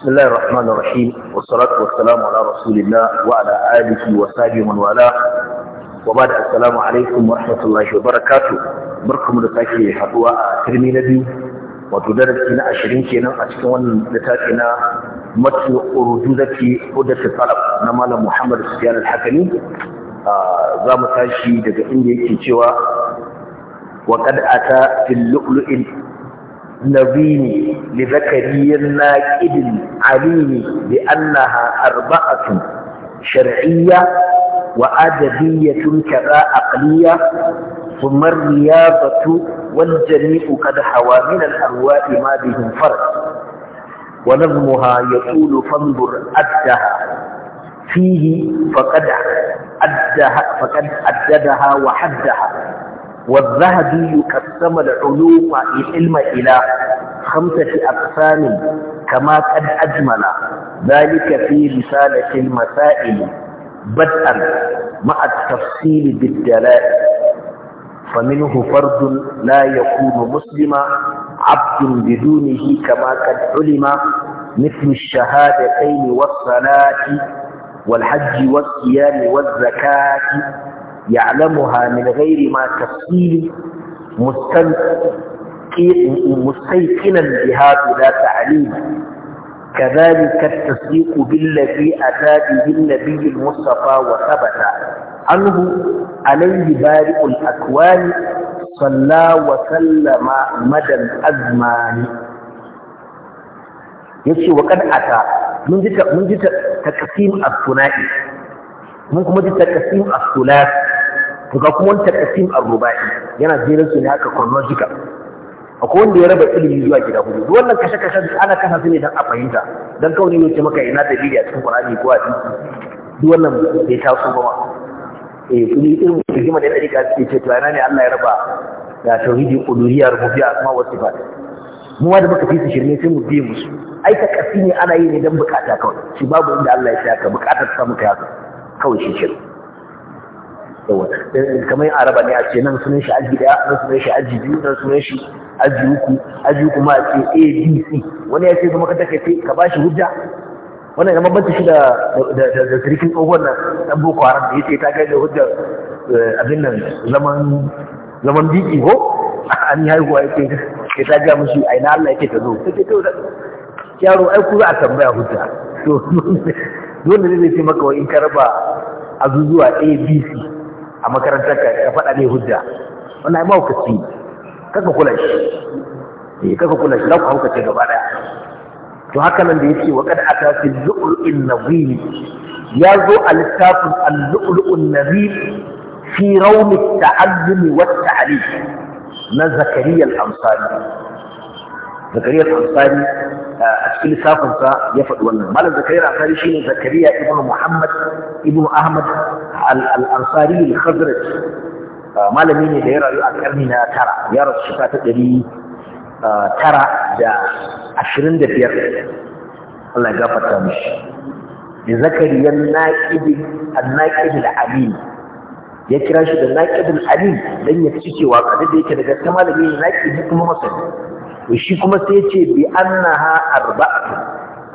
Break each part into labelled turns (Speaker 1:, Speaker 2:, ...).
Speaker 1: بسم الله الرحمن الرحيم والصلاة والسلام على رسول الله وعلى آله وصحبه من والاه وبعد السلام عليكم ورحمة الله وبركاته بركم da sake haduwa a turmi na biyu wato darasi na ashirin kenan a cikin wannan littafi na matu urududati udatu na malam Muhammad Sufyan tashi daga cewa نظيم لذكري الناكد عليم بأنها أربعة شرعية وأدبية كذا أقلية ثم الرياضة والجميع قد حوى من الأرواء ما بهم فرق ونظمها يقول فانظر أدها فيه فقد أدها فقد أددها وحدها والذهبي يقسم العلوم العلم إلى خمسة أقسام كما قد أجمل ذلك في رسالة المسائل بدءا مع التفصيل بالدلائل فمنه فرد لا يكون مسلما عبد بدونه كما قد علم مثل الشهادتين والصلاة والحج والصيام والزكاة يعلمها من غير ما تفصيل مستيقنا بها بلا تعليم كذلك التصديق بالذي أتى به النبي المصطفى وثبت عنه عليه بارئ الأكوان صلى وسلم مدى الأزمان يسوع وقد أتى من جد تقسيم الثنائي من taksim تقسيم sunai to ga kuma wani takasim ar-rubai yana jirin su ne haka chronological akwai wanda ya raba ilimi zuwa gida hudu duk wannan kashe kashe ana kasa su ne don a fahimta Don kawai ne ce maka ina da a cikin Qur'ani ko a duk wannan bai taso ba ma eh kuma irin rigima da ɗari suke ce to yana ne Allah ya raba da tauhidi ƙuduriyar rububiyya kuma wasu ba mu ma da muka fi su shirme sai mu biye musu ai ta kasi ne ana yi ne don bukata kawai shi babu inda Allah ya saka bukatar samu kai haka kawai shi shirin kamar araba ne a ce nan sunan shi aji daya nan sunan shi aji biyu nan sunan shi aji uku aji uku ma a ce a b c wani ya ce kuma kada ka ce ka ba shi hujja wannan ya bambanta shi da da sirikin tsohon nan dan boko haram da ya ce ta kai da hujjar eh, abin nan zaman zaman biki ko an yi haihuwa ya ce ya ta ga mushi a ina Allah yake ta zo take to yaro ai ku za a tambaya hujja to dole ne zai ce maka wa in ka raba azuzuwa a b c a makarantar ka ya faɗa mai hujja wannan ai mahaukaci kaka kula shi eh kaka kula shi za ku haukace gaba daya to haka nan da yace wa kad ata fil lu'lu'in nazim ya zo a littafin al-lu'lu'un nazim fi rawm at-ta'allum wa at-ta'lim na zakariya al-ansari zakariya al-ansari a cikin lissafinsa ya faɗi wannan malam zakariya al-ansari shine zakariya ibnu muhammad ibnu ahmad al-ansari al-khazraj malami ne da ya rayu a karni na tara ya rasu shekara ta ɗari tara da ashirin da biyar Allah ya gafarta mishi da zakariya an-naƙibi al-amin ya kira shi da naqibul alim dan ya ci cewa kada da yake daga ta malami ne naqibi kuma masani to shi kuma sai ya ce bi annaha arba'atu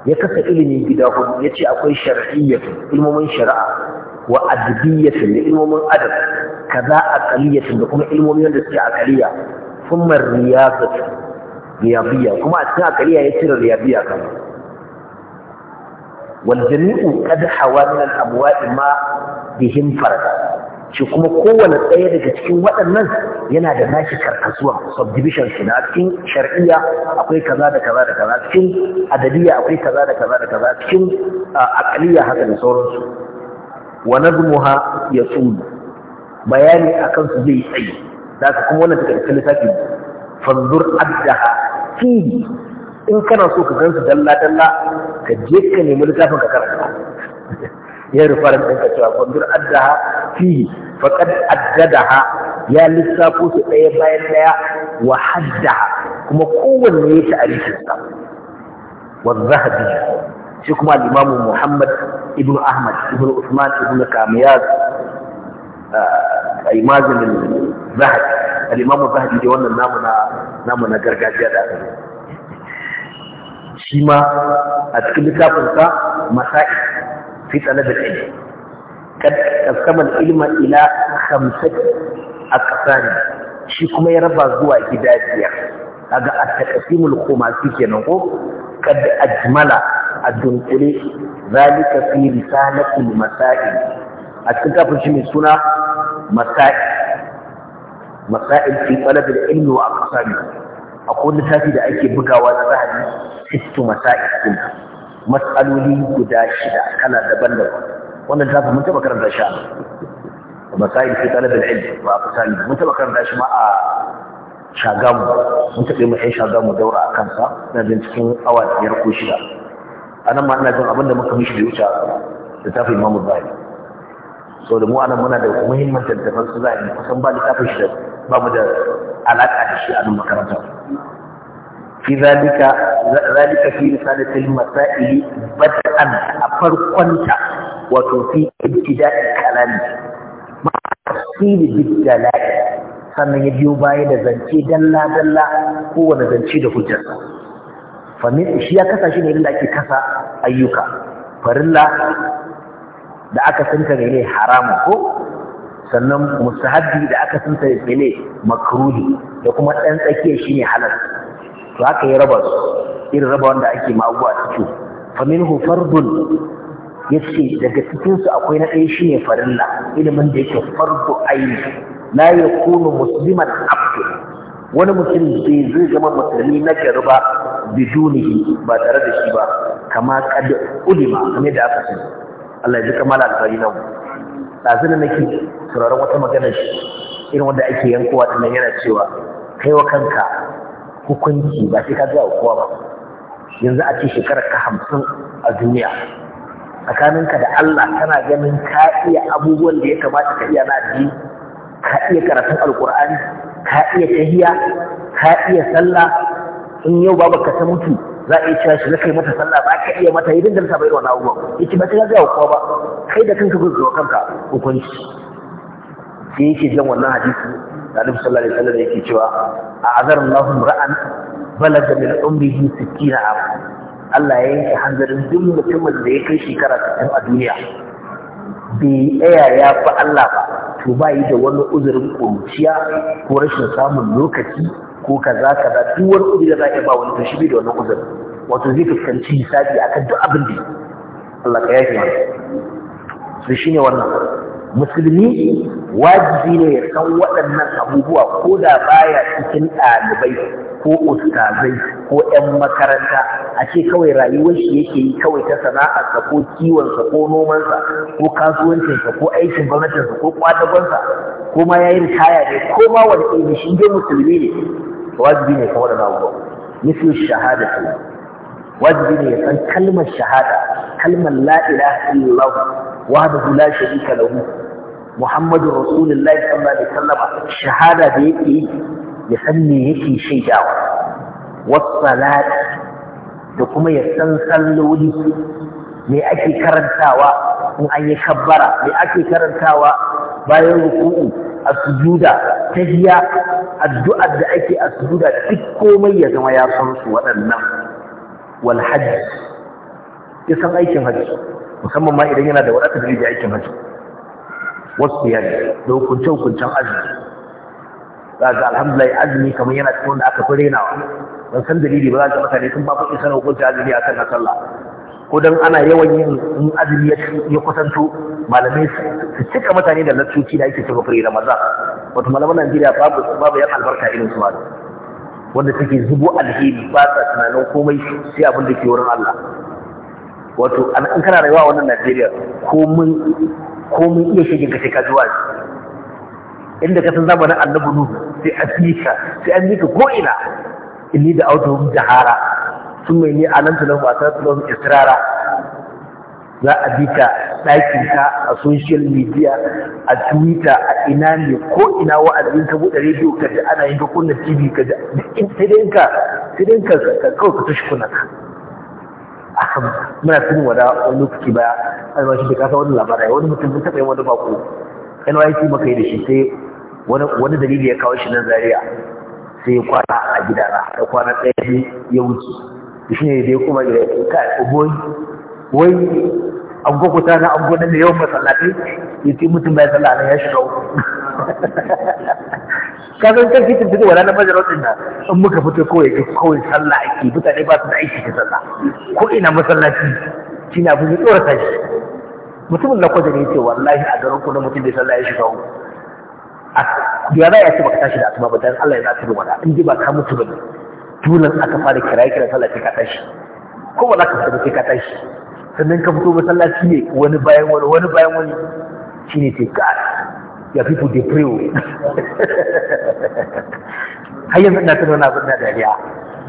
Speaker 1: ya kasa ilimi gida hudu ya ce akwai shar'iyyatu ilmomin shari'a wa adbiyyatu da ilmomin adab kaza aqliyatu da kuma ilmomin da suke aqliya kuma riyazatu riyabiyya kuma a cikin aqliya ya ce riyabiyya kan wal jami'u qad hawa min al abwa'i ma bihim farada shi kuma kowane ɗaya daga cikin waɗannan yana da nashi karkasuwa subdivision shi na cikin shar'iyya akwai kaza da kaza da kaza cikin adadiyya akwai kaza da kaza da kaza cikin aqliyya haka da sauransu wa nazmuha yasul bayani akan su zai tsayi zaka kuma wannan take cikin lissafi fanzur addaha fi in kana so ka gansu dalla dalla ka je ka nemi littafin ka karanta ya rufa da ɗanka cewa kwandur addaha fihi faƙad addadaha ya lissafo su ɗaya bayan ɗaya wa haddaha kuma kowanne ya ta alifinsa wa zahabi shi kuma al'imamu muhammad ibn ahmad ibn usman ibn kamiyaz a imazinin zahabi al'imamu zahabi da wannan namu na gargajiya da aka shi ma a cikin littafinsa masa'i في طلب العلم قد قسم العلم إلى خمسة أقسام shi kuma ya raba zuwa gida biyar kaga at-taqsimul khumasi kenan ko kad ajmala ad-dunkule zalika fi risalatil masail a cikin kafin shi mai suna masail masail fi talab al da ake bugawa na zahabi sittu masail din matsaloli guda shida kana daban-daban wannan ta mun taba karanta shi a masail fi talab al-ilm ku fasali mun taba karanta shi ma a shagamu mun taba mu ai shagamu daura a kansa na jin cikin awa biyar ko shida A nan ma ina jin abin da muka mishi da wuce da tafi imamu zahiri so da mu nan muna da muhimman tattafan su zahiri kusan ba littafin shi da ba mu da alaƙa da shi a nan makaranta في ذلك ذلك في رسالة المسائل بدءا أفرقنت وتوفي ابتداء الكلام مع تفصيل بالدلائل sannan ya biyo baya da zance dalla-dalla kowane zance da hujjar. shi ya kasa shi ne inda ake kasa ayyuka farilla da aka santa ne haramun ko sannan mustahabbi da aka santa ne makruhi da kuma ɗan tsakiyar shine ne to haka ya raba su irin raba wanda ake ma a ciki famin hufardun ya ce daga cikinsu akwai na ɗaya shi ne farilla ilimin da yake farko aini na ya kunu Musulman abdu wani mutum bai zai zama musulmi na gari ba bidunihi ba tare da shi ba kama kada ulima kame da aka sani Allah ya ji kamala alfari nan ɗazina nake sauraron wata magana shi irin wanda ake yankowa ta nan yana cewa kai wa kanka hukunci ba sai ka gaya wa kowa ba yanzu a ce shekarar ka hamsin a duniya tsakaninka da Allah kana ganin ka iya abubuwan da ya kamata ka iya na addini ka iya karatun alkur'ani ka iya tahiya ka iya sallah in yau babu ka ta mutu za a iya cewa shi kai mata sallah ba ka iya mata yi dinga sabai wani abubuwan yake ba ta zuwa kowa ba kai da kanka ku zo kanka hukunci sai yake jan wannan hadisi da annabi sallallahu alaihi wasallam yake cewa a a'azar Allahu ra'an balaga min umrihi 60 am Allah ya yanke hanzarin duk mutumin da ya kai shekara 60 a duniya bai tsaya ya fa Allah ba to ba yi da wani uzurin kuruciya ko rashin samun lokaci ko kaza kaza duk wani uzuri da za ka ba wani to shi bai da wani uzurin wato zai fuskanci hisabi akan duk abin da Allah ka yafe mana su shine wannan musulmi wajibi ne ya san waɗannan abubuwa ko da baya cikin ɗalibai ko ustazai ko 'yan makaranta a ce kawai rayuwar shi yake yi kawai ta sana'arsa ko kiwonsa ko nomansa ko kasuwancinsa ko aikin gwamnatinsa ko kwadagonsa ko ma yayin kaya ne ko ma wani ilimi shi dai musulmi ne wajibi ne kawai da abubuwa misu shahada wajibi ne ya san kalmar shahada kalmar la ilaha illallah wahdahu la sharika lahu muhammadu rasulullahi sallallahu alaihi wasallam shahada da yake yi ya san me yake shaidawa wassalat da kuma ya san salloli me ake karantawa in an yi kabbara me ake karantawa bayan ruku'u a sujuda tahiya addu'ar da ake a sujuda duk komai ya zama ya san waɗannan wal hajj ya san aikin hajji musamman ma idan yana da wadatar da aikin hajji wasu ya yi, da hukunce-hukuncen azumi za ga alhamdulillah azumi kamar yana cikin wanda aka fi renawa don san dalili ba za ka mutane sun ba kuɗi sanar hukuncin azumi akan na sallah ko don ana yawan yin in azumi ya kusanto malamai su cika mutane da lattoci da ake cewa fure ramadan wato malaman najeriya babu babu yan albarka irin su ba wanda suke zubo alheri ba sa tunanin komai sai abin da ke wurin allah wato an kana rayuwa wannan Najeriya ko mun iya shige ka sai zuwa shi inda ka san zamanin Annabi Nuhu sai an mika sai an mika ko ina inni da auto jahara sun mai ne a nan tunan wasan tunan israra za a bi ka ɗakin ka a social media a twitter a ina ne ko ina wa'azin ka buɗe rediyo ka ji ana yin ka kunna tv ka ji sai dai ka sai dai ka kawai ka tashi kunna akan muna tuni wada wani lokaci baya albashi da kasa wani labarai wani mutum mun taɓa yin wani bako nyc maka yi da shi sai wani dalili ya kawo shi nan zaria sai ya kwana a gidana da kwana ɗaya ya wuce da shi ne da ya koma gida ka oboyi oh wai an kwakwata na an gwanin da yawan masallatai ya ce mutum bai sallah na ya shiga ka san kan fitin fito wala na fajar wadin nan in muka fito kawai kawai sallah ake mutane ba su da aiki ta sallah ko ina masallaci shi na fi tsorata shi, mutumin na kwajar ya ce wallahi a garin kuna mutum bai sallah ya shiga uku ya za a ce baka tashi da atuma ba dan Allah ya za ta rubuta in ji ba ka mutu ba ne tunan aka fara kira kira sallah sai ka tashi ko ba za ka fita sai ka tashi sannan ka fito masallaci ne wani bayan wani wani bayan wani shine sai ka ya fi fude priyo har yanzu ina tunawa abin da dariya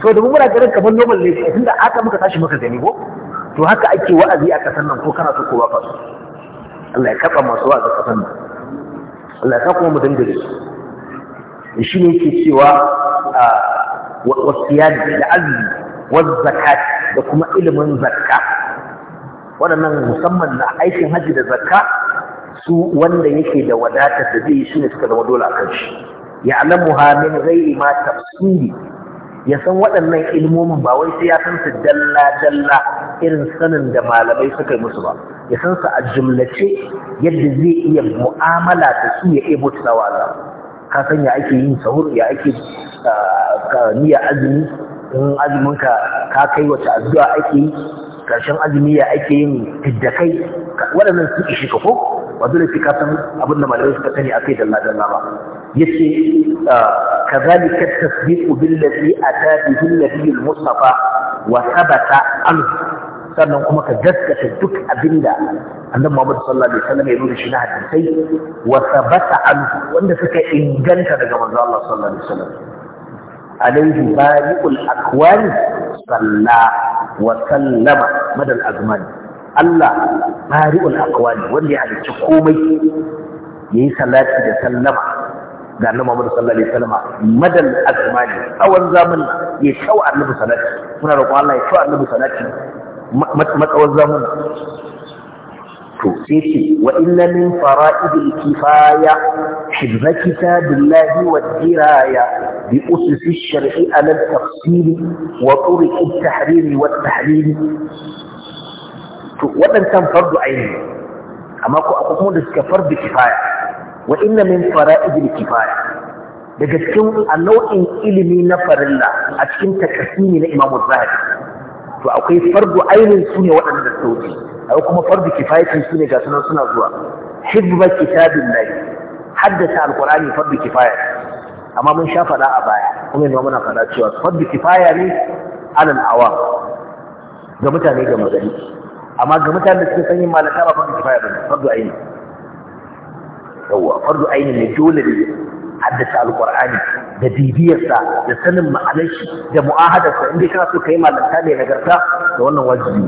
Speaker 1: so da muna garin kamar normal ne sai da aka muka tashi muka zane ko to haka ake wa'azi a kasan nan ko kana so ko ba ka so Allah ya kafa masu wa'azi a kasan nan Allah ya kuma mu dangare su shi ne yake cewa wasiyadi da azumi wa zakat da kuma ilimin zakka waɗannan musamman na aikin haji da zakka su wanda yake da wadatar da zai yi shi ne suka zama dole a kan shi ya alamu ha min ma tafsiri ya san waɗannan ilmomin ba wai sai ya san su dalla dalla irin sanin da malamai suka yi musu ba ya san su a jumlace yadda zai iya mu'amala da su ya iya bauta a Allah ka san ya ake yin sahur ya ake ah, ah, niyya azumi in azumin ka ka kai wace addu'a ake yi karshen azumi ya ake yin tiddakai waɗannan su ishi ka ko ba dole sai ka san abin da malamai suka sani akai dalla dalla ba yace kazalika tasdiqu billazi ata bihi nabiyul mustafa wa thabata anhu sannan kuma ka gaskata duk abinda annabi Muhammad sallallahu alaihi wasallam ya nuna shi na hadisai wa thabata anhu wanda suka inganta daga manzo Allah sallallahu alaihi wasallam alaihi bari'ul akwani salla wa sallama madal azmani Allah bari'ul aqwali wanda ya halicci komai yayi salati da sallama ga annabi Muhammad sallallahu alaihi wasallam madal azmani tsawon zamanin ya shau annabi salati muna roƙon Allah ya shau annabi salati matsawon zamanin to sai ce wa inna min fara'idil kifaya hibba kitabillahi wa diraya bi ususi shar'i ala tafsiri wa turuq at-tahrir wa at-tahlil to waɗancan fardu aini amma ko akwai kuma da suka fardu kifaya wa inna min fara'idil kifaya daga cikin a nau'in ilimi na farilla a cikin takasini na imamu zahabi to akwai fardu aini su ne waɗanda sauki akwai kuma fardu kifayatin su ne ga sunan suna zuwa hibba kitabin lahi haddasa alkur'ani fardu kifaya amma mun sha faɗa a baya kuma yanzu muna faɗa cewa fardu kifaya ne alal awam ga mutane ga magani amma ga mutanen da suke sanyin malaka ba fardu kifaya bane fardu aini yawa fardu aini ne dole ne haddace alqur'ani da bibiyarsa da sanin ma'anar shi da mu'ahadarsa inda kana so kai malaka ne nagarta da wannan wajibi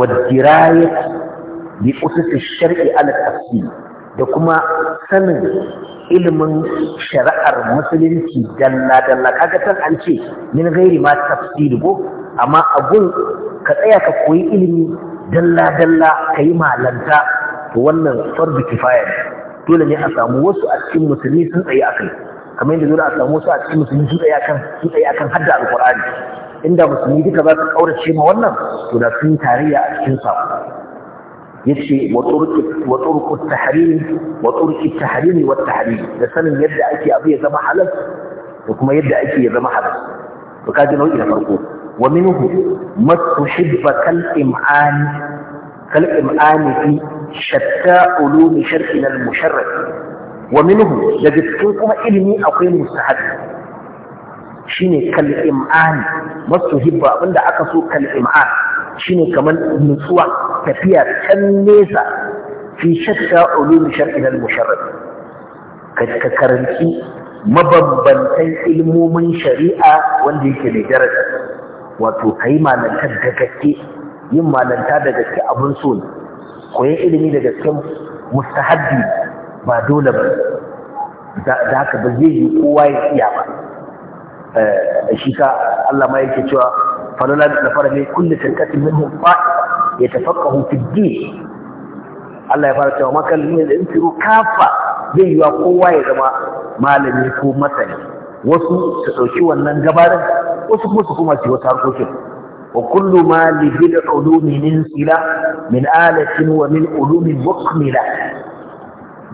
Speaker 1: wa dirayat bi usus ash-shar'i ala tafsir da kuma sanin ilimin shari'ar musulunci dalla dalla kaga san an ce min ghairi ma tafsir ko amma abun ka tsaya ka koyi ilimi dalla-dalla ka yi malanta to wannan fardu kifaya ne dole ne a samu wasu a cikin musulmi sun tsaye a kai kamar yadda dole a samu wasu a cikin musulmi sun tsaye a kan, sun tsaye a kan hadda alqur'ani inda musulmi duka za su kaurace ma wannan to da sun tarayya a cikin sa Ya ce turqu wa turqu at-tahrim wa turqu tahrim wa tahrim da sanin yadda ake abu ya zama halal da kuma yadda ake ya zama halal to kaji nau'i na farko ومنه ما تحب كالإمعان كالإمعان في شتى علوم شرقنا المشرق ومنه لجدتكم علمي أقيم مستحد شيني كالإمعان ما تحب أبدا أقصو كالإمعان شيني كمان نسوع تفيا تنيزا في شتى علوم شرقنا المشرق كتكرنتي مبنبنتين علموا من شريعة والذي كنجرد wato ka yi da gaske yin malanta da gaske abin so ne koyan ilimi da gaske mustahabbi ba dole ba da haka ba zai yi kowa ya iya ba eh, shi ka Allah ma yake cewa falala da fara ne kullu tanqatin minhum fa yatafaqahu fi din Allah ya fara cewa makal min al-insiru kafa zai yi wa kowa ya zama malami ko masani wasu su ɗauki wannan gabarin wasu kuma su kuma su wata harkokin wa kullu ma li bil ulumi min sila min alatin wa min ulumi mukmila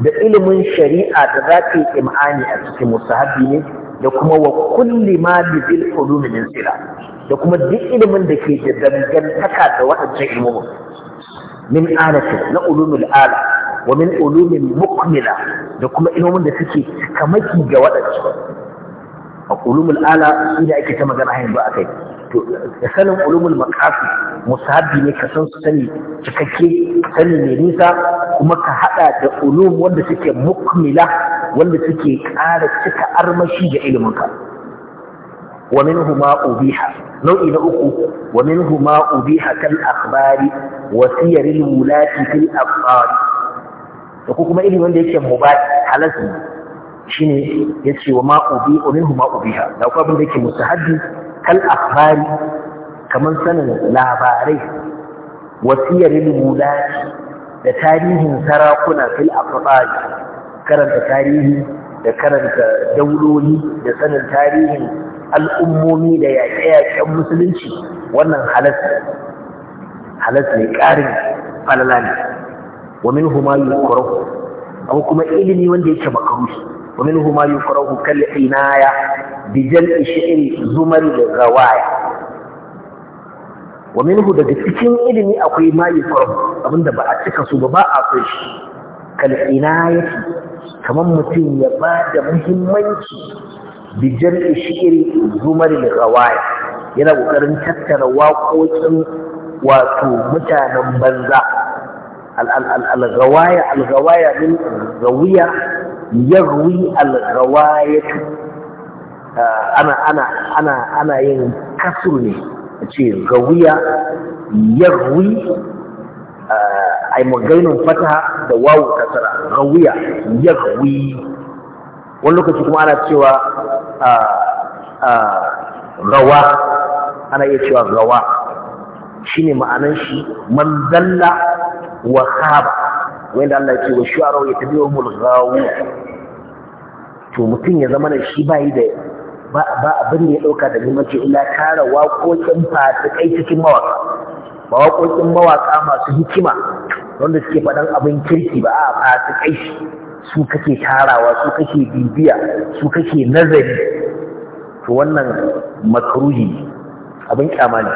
Speaker 1: da ilimin shari'a da za ta yi imani a cikin mustahabbi ne da kuma wa kulli ma li bil ulumi min sila da kuma duk ilimin da ke da dangantaka da waɗancan ilimin min alatin na ulumul ala wa min ulumin mukmila da kuma ilimin da suke kamaki ga waɗancan a ulumul ala shi da ake ta magana yanzu a kai to da sanin ulumul maqasid musabbi ne ka san su sani cikakke sani mai nisa kuma ka haɗa da ulum wanda suke mukmila wanda suke ƙara cika armashi da ilimin ka wa minhuma ubiha nau'i na uku wa huma ubiha kal akhbari wa siyaril wulati fil afqar da kuma ilmin da yake mubat halas shine yace wa ma ubi minhu ma ubiha da kuma abin da yake mustahaddi kal akhbari kaman sanin labarai wasiyaril mulati da tarihin sarakuna fil afdal karanta tarihi da karanta dauloli da sanin tarihin al'ummomi da yaƙe-yaƙen musulunci wannan halatta halatta ne ƙarin falala ne wa min huma yi kuma ilimi wanda yake makarushi ومنه ما يكره كالعناية بجلء شعر زمر الغواية ومنه daga cikin ilimi akwai ma yufaru abinda ba a cika su ba ba a so shi kal inayati kaman mutum ya ba da muhimmanci bi jam'i shi'ri da yana ƙoƙarin tattara waƙoƙin wato mutanen banza al al al al min rawiya yarwi al-rawayatu ana ana ana ana yin kasru ne ce gawiya yarwi ai magainin fataha da wawu kasara gawiya yarwi wani lokaci kuma ana cewa rawa ana iya cewa rawa shine ma'anan shi man dalla wa khaba wanda Allah ya ce wa shu'ara ya tabi'u mulghawu to mutum ya zama da shi bayi da ba abin da ya ɗauka da muhimmanci illa tara waƙoƙin fasikai cikin mawaka ba waƙoƙin mawaka masu hikima wanda suke faɗan abin kirki ba a fasikai su kake tarawa su kake bibiya su kake nazari to wannan makaruhi abin kyama ne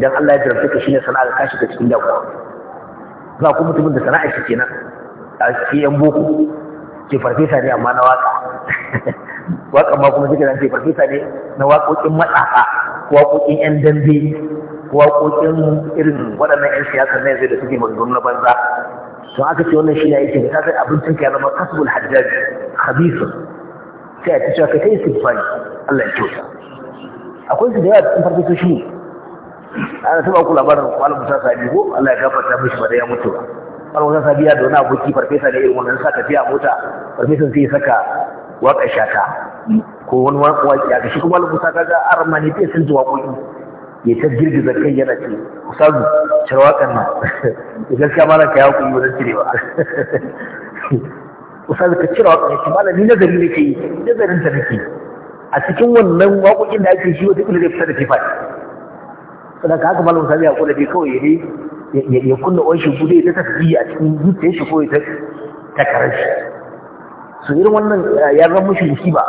Speaker 1: idan Allah ya jarfe ka shine sana'a ka shiga cikin damuwa za ku mutumin da sana'a shi kenan a cikin yan boko ke farfesa ne amma na waka waka ma kuma suke nan ke farfesa ne na waƙoƙin matsafa ko waƙoƙin yan dambe ko waƙoƙin irin waɗannan yan siyasa na yanzu da suke maganganu na banza to aka ce wannan shi ne yake da kasar abincin ka ya zama kasbul hajjaji habisu sai a ci cewa kai ta yi sifani Allah ya kyauta akwai su da yawa cikin farfesoshi ne ana taba ku labarin malam Musa Sabi ko Allah ya gafarta mishi ba da ya mutu ba malam Musa Sabi ya da wani aboki farfesa da irin wannan saka tafiya mota farfesan sai ya saka waka shaka ko wani waki ya gashi kuma malam Musa kaga arma ne bai san ji waƙoƙi ya ta girgiza kai yana ce ustazu cire waƙan nan gaskiya malam ka ya kuyi wurin cirewa ustazu ka cire waƙan ya ce malam ni nazari ke yi nazarin ta nake a cikin wannan waƙoƙin da ake shi wata kila fita da tifa saboda haka malam sami ya kula dai kawai ya dai ya kunna oishi gude ta tafi a cikin zuciyar shi ko ta takarar shi su irin wannan eh, ya zama mushi musiba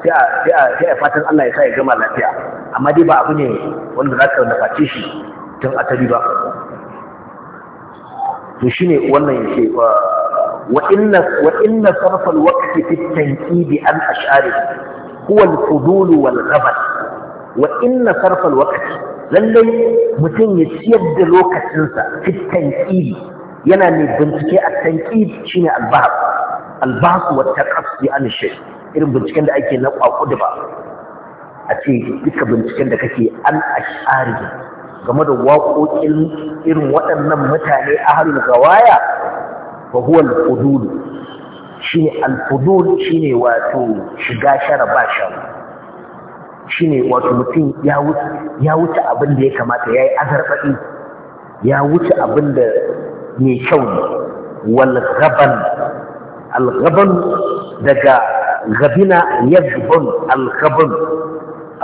Speaker 1: sai a fatan Allah ya sa ya gama lafiya amma dai ba abu ne wanda za ka naface shi tun asali ba to ne wannan yake eh, Wa وإن وإن صرف الوقت في التنكيب عن أشعاره هو الفضول والغبن وإن صرف الوقت lallai mutum ya ciyar da lokacinsa fit tanqidi yana mai bincike a tanqid shine albahar albasu wa taqassi an shay irin binciken da ake na kwakudu ba a ce duka binciken da kake an ash'ari game da waƙoƙin irin waɗannan mutane a halin gawaya fa huwa al-fudul shine al-fudul shine wato shiga shara ba shara ne wato mutum ya wuce abin da ya kamata ya yi azarbaɗi ya wuce abin da mai kyau ne walgaban algaban daga gabina ya gaban algaban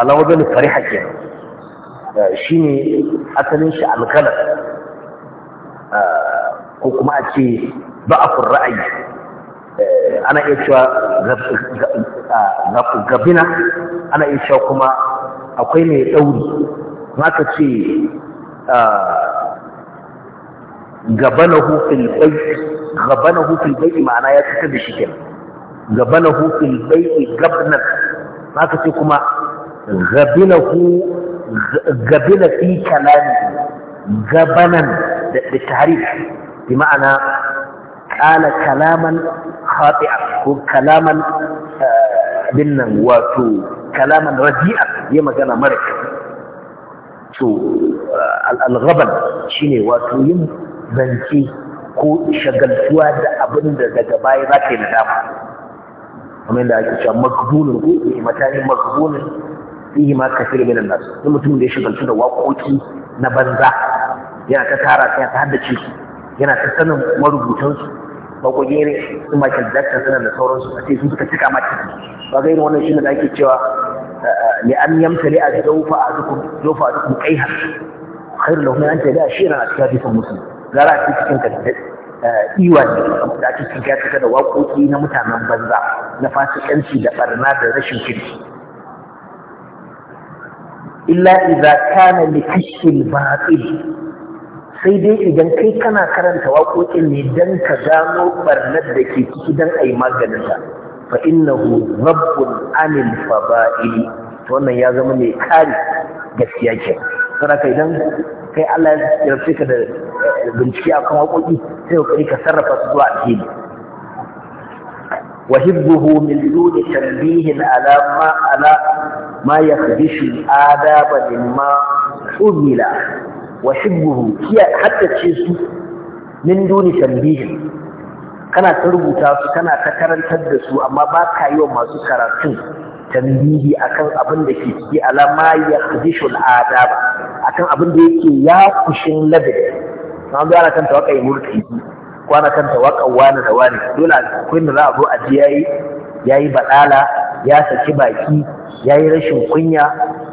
Speaker 1: alawazin fariha ke shi ne asalin shi algalar ah, ko kuma a ce ba ra'ayi eh, ana iya cewa gabina ana iya cewa kuma akwai mai ɗauri maka ce gabanahu fil bai gabanahu fil bai ma'ana ya fitar da shi kenan gabanahu fil bai gabnan maka ce kuma gabinahu gabina fi kalami gabanan da tarif bi ma'ana قال كلاما خاطئا ko kalaman abin nan wato kalaman radi'a ya magana mara to al shi ne wato yin zance ko shagaltuwa da abin da daga baya za ka yi nadama kamar yadda ake cewa maghbunun ko matani maghbunun yi ma kafir min an-nas duk mutum da ya shagaltu da waƙoƙi na banza yana ta tara sai ta haddace su yana ta sanin marubutansu waƙoƙi irin su ma Michael Jackson sanar da sauransu a ce sun suka cika mata ba ga irin wannan shine da ake cewa li an yamtali a zawfa ahadukum zawfa ahadukum qayha khairu lahu an tada shira a cikin hadisin muslim gara a cikin ka iwa ne da ake cikin ka da waƙoƙi na mutanen banza na fasikanci da barna da rashin kirki illa idza kana li kashfil batil sai dai idan kai kana karanta waƙoƙin ne dan ka gano barnar da ke ciki dan ayi maganin ta فإنه رب عن الفضائل وانا يا زمني كاري جسيا جي ترى كي دم كي الله يرسيك بنشكي أقوى قوي سيو إيه؟ كي كسرف أسدوع الدين وهبه من دون تنبيه على ما على ما يخدش الآداب مما أذل وحبه حتى تشيسه من دون تنبيه kana ta rubuta su kana ta karantar da su amma ba ka yi wa masu karatun tambihi akan abin da ke ciki alama ya hadishu a akan abin da yake ya kushin ladabi na wanda ana kan tawaka yi mulki ko ana kan tawaka wani da wani dole akwai da za a zo a ji yayi yayi badala ya saki baki yayi rashin kunya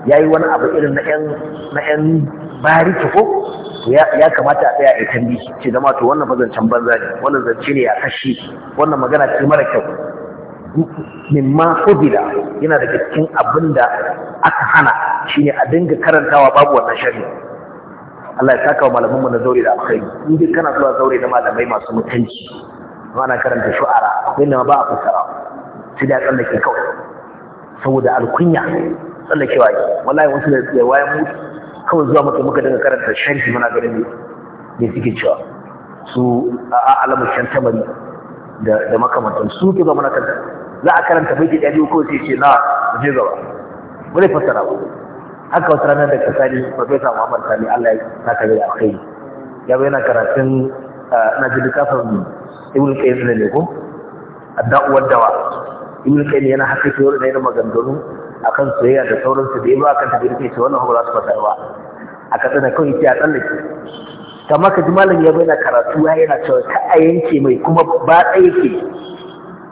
Speaker 1: yayi wani abu irin na yan na yan bariki ko to ya kamata a tsaya a tambi ce zama to wannan fazancen banza ne wannan zance ne ya kashe wannan magana ce mara kyau mimma fudila yana daga cikin abin da aka hana shine a dinga karantawa babu wannan shari'a Allah ya saka wa malamin mu na zaure da alkhairi in dai kana zuwa zaure da malamai masu mutunci ana karanta shu'ara akwai na ba a fassara shi da tsallake kawai saboda alkunya tsallakewa wallahi wasu da wayan mutu kawai zuwa maka muka daga karanta sharifi muna ganin ne suke cewa su a alamun tamari da makamantan su ke zama na kanta za a karanta baiti ɗari ko sai ce na je gaba wani fassara ba haka wasu ranar da kasari profesa muhammad sani allah ya kare da alkhairi ya bai na karatun na ji littafin ibn qayyim ne ko da'uwar dawa ibn qayyim yana haka shi wani yi maganganu akan soyayya da sauransu da ya ba kan tafi da ce wannan ba su fasa ba a da kawai ce a tsallake ta ka ji malam ya bayyana karatu ya yana cewa ta a yanke mai kuma ba tsaye ke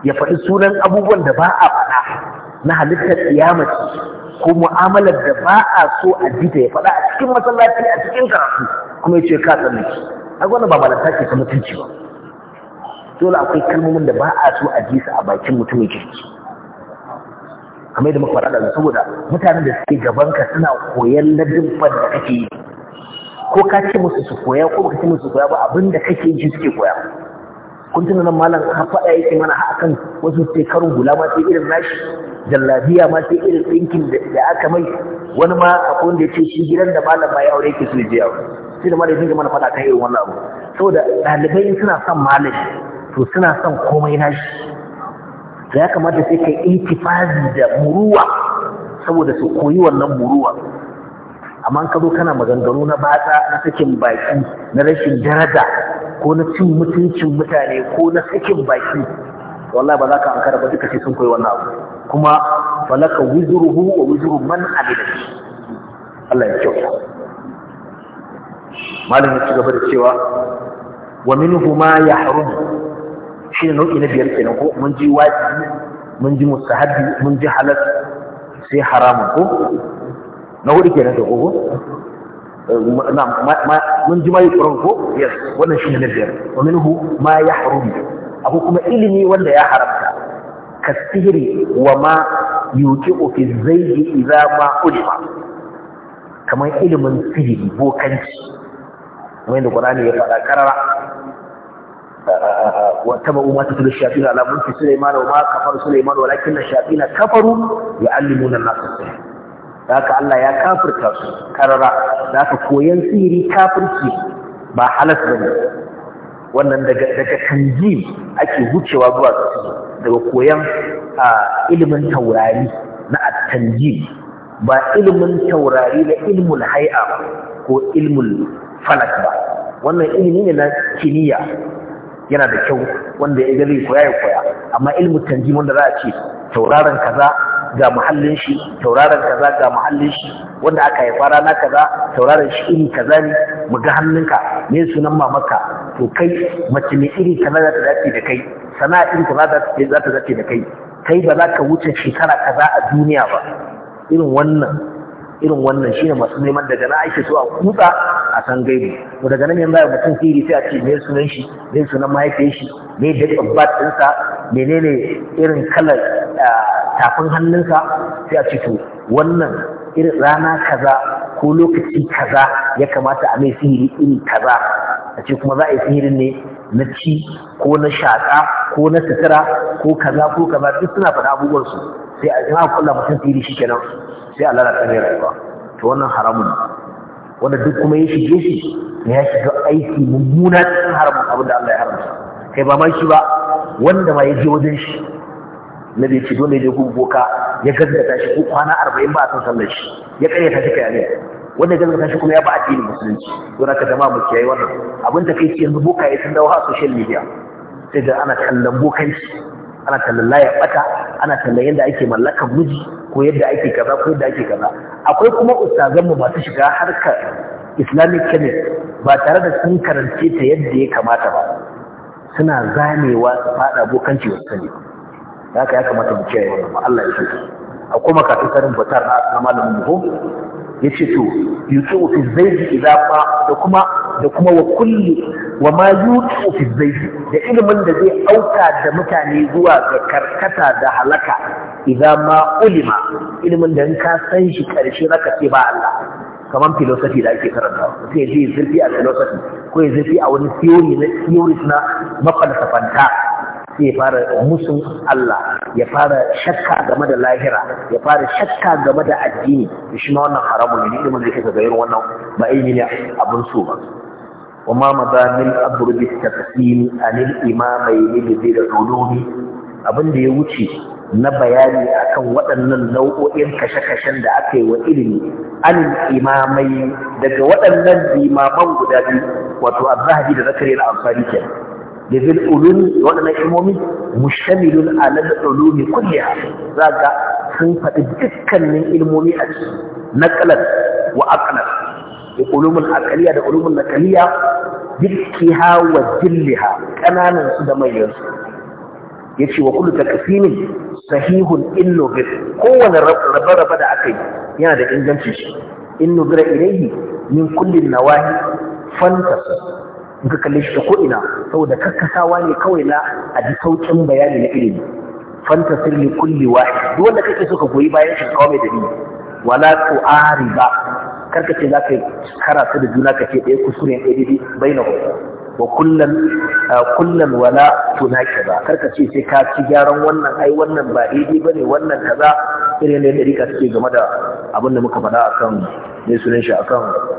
Speaker 1: ya faɗi sunan abubuwan da ba a faɗa na halittar tsiyamaci ko mu'amalar da ba a so a ji ta ya faɗa a cikin masallaci a cikin karatu kuma ya ce ka tsallake a wannan ba ke ta mutunci ba dole akwai kalmomin da ba a so a ji su a bakin mutumin kirki kamar da muka faɗa saboda mutanen da suke gaban ka suna koyan ladabban da kake yi ko ka ce musu su koya ko baka ce musu koya ba abin da kake yi suke koya kun tuna nan malam har faɗa yake mana akan wasu sai gula hula ma sai irin nashi jallabiya ma sai irin ɗinkin da aka mai wani ma akwai wanda ya ce shi gidan da malam ma ya aure yake su je sai da malam ya mana faɗa kan irin wannan abu saboda ɗalibai suna son malami to suna son komai nashi da ya kamata sai kai intifazi da muruwa saboda su koyi wannan muruwa amma ka zo kana maganganu na bata na sakin baki na rashin daraja ko na cin mutuncin mutane ko na sakin baki wallahi ba za ka ankara ba duka sai sun koyi wannan abu kuma falaka wuzuruhu wa wuzuru man amila Allah ya kyauta malamin ya ci gaba da cewa wa minhu ma yahrumu shi nau'i na biyar kenan ko mun ji wajibi mun ji mustahabi mun ji halal sai haramun ko na hudu kenan da ko mun ji mai kuran ko yes wannan shi ne na biyar wa minhu ma yahrum abu kuma ilimi wanda ya haramta kasihiri wa ma yuqi'u fi zayyi idza ma ulima kamar ilimin sihiri bokanci wanda Qur'ani ya faɗa karara wata ma'uma ta tuda shafi na alamun fi Suleiman wa kafaru Suleiman wa lakin na shafi na kafaru ya allimu na nasu sai. Daka Allah ya kafirta su karara, daka koyon tsiri kafirci ba halas ba Wannan daga tanjim ake wucewa zuwa ga su daga koyon ilimin taurari na tanjim ba ilimin taurari na ilimin hai'a ko ilimin falak ba. Wannan ilimi ne na kiniya yana da kyau wanda ya ga zai koya ya koya amma ilmin tanjim wanda za a ce tauraron kaza ga muhallin shi tauraron kaza ga muhallin shi wanda aka haifa rana kaza tauraron shi iri kaza ne mu ga hannunka ne sunan mamaka to kai mace mai iri kaza za ta dace da kai sana'a iri kaza za ta dace da kai kai ba za ka wuce shekara kaza a duniya ba irin wannan irin wannan shine masu neman daga na aiki so a kutsa a san gaibu to daga nan yanzu mutum siri sai a ce me sunan shi me sunan mahaifiyar shi me da of ɗinsa menene irin kalar tafin hannunsa sai a ce to wannan irin rana kaza ko lokaci kaza ya kamata a mai sihiri iri kaza a ce kuma za a yi sihirin ne na ci ko na shaƙa ko na sutura ko kaza ko kaza duk suna faɗa abubuwansu sai a ina kula mutum sihiri shi kenan sai a ta mai rayuwa to wannan haramun wanda duk kuma ya shige shi ne ya shiga aiki mummuna cikin haramun abin da Allah ya haramta kai ba ma shi ba wanda ma ya je wajen shi na bai ce dole ya je boka ya gaskata shi ko kwana arba'in ba a san sallar shi ya ta shi kai ne wanda gaskata shi kuma ya ba a cikin musulunci don haka jama'a mu kiyaye wannan abin da kai yanzu boka ya san dawo ha social media sai da ana kallon bokanci ana tallan layar bata ana tallan yadda ake mallakar miji ko yadda ake kaza ko yadda ake kaza akwai kuma ustazanmu masu shiga harkar islamic chemist ba tare da sun karance ta yadda ya kamata ba suna zamewa su fada bokanci wasu sani haka ya kamata mu kiyaye wannan Allah ya shi akwai makatun karin batar na malamin mu ya ce to yuqu fi zaiji idza fa da kuma da kuma wa kulli wa ma yuqu fi da ilimin da zai auka da mutane zuwa ga karkata da halaka idza ma ulima ilimin da in ka san shi karshe zaka ce ba Allah kamar philosophy da ake karanta sai ya je zurfi a philosophy ko ya zurfi a wani theory na theories na mafalsafanta sai ya fara musun Allah ya fara shakka game da lahira ya fara shakka game da addini da shi ma wannan haramun ne ilimin da yake ga irin wannan ba ilimi ne abin so ba وما مضى من أبرد التقسيم عن الإمامين لذي العلوم abin da ya wuce na bayani akan waɗannan nau'o'in kashe-kashen da aka yi wa ilimi an imamai daga waɗannan limaman guda biyu wato azhabi da zakari na amfani kenan da bil ulumi waɗannan ilmomi mushamilun ala ulumi kulliha za ga sun faɗi dukkanin ilmomi a ciki naqalan wa aqlan da ulumul aqliya da ulumul naqliya dukkiha wa jilliha kananan su da manyan su yace wa kullu takfimin sahihun illu bi kowane rabe-rabe da aka yi yana da inganci shi in nuzira ilaihi min kullin nawahi fantasa in ka kalle shi ta ko'ina saboda karkasawa ne kawai na a ji saukin bayani na ilimi fantasir li kulli duk wanda kake so ka goyi bayan shi kawai da ni wala tu'ari ba karka ce za ka karatu da juna ka ce ɗaya kusurin ɗaya daidai bai na wa kullum ah, kullum wala tunaki ba karka ce sai ka ci gyaran wannan ai wannan ba daidai ne. wannan kaza irin da yadda rika suke game da abin da muka faɗa akan ne sunan shi akan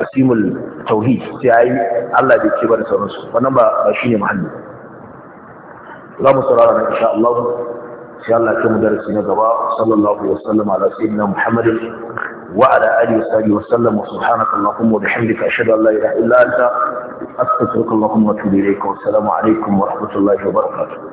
Speaker 1: taqsimul tauhid sai ai Allah bai ke bari da sauransu wannan ba shi ne muhalli za mu saurara nan insha Allah sai Allah ya mu darasi na gaba sallallahu alaihi sallam ala sayyidina Muhammad wa ala alihi wasallam wa sallam subhanaka allahumma wa bihamdika ashhadu an la ilaha illa anta astaghfiruka allahumma wa atubu ilayk wa assalamu alaikum wa rahmatullahi wa barakatuh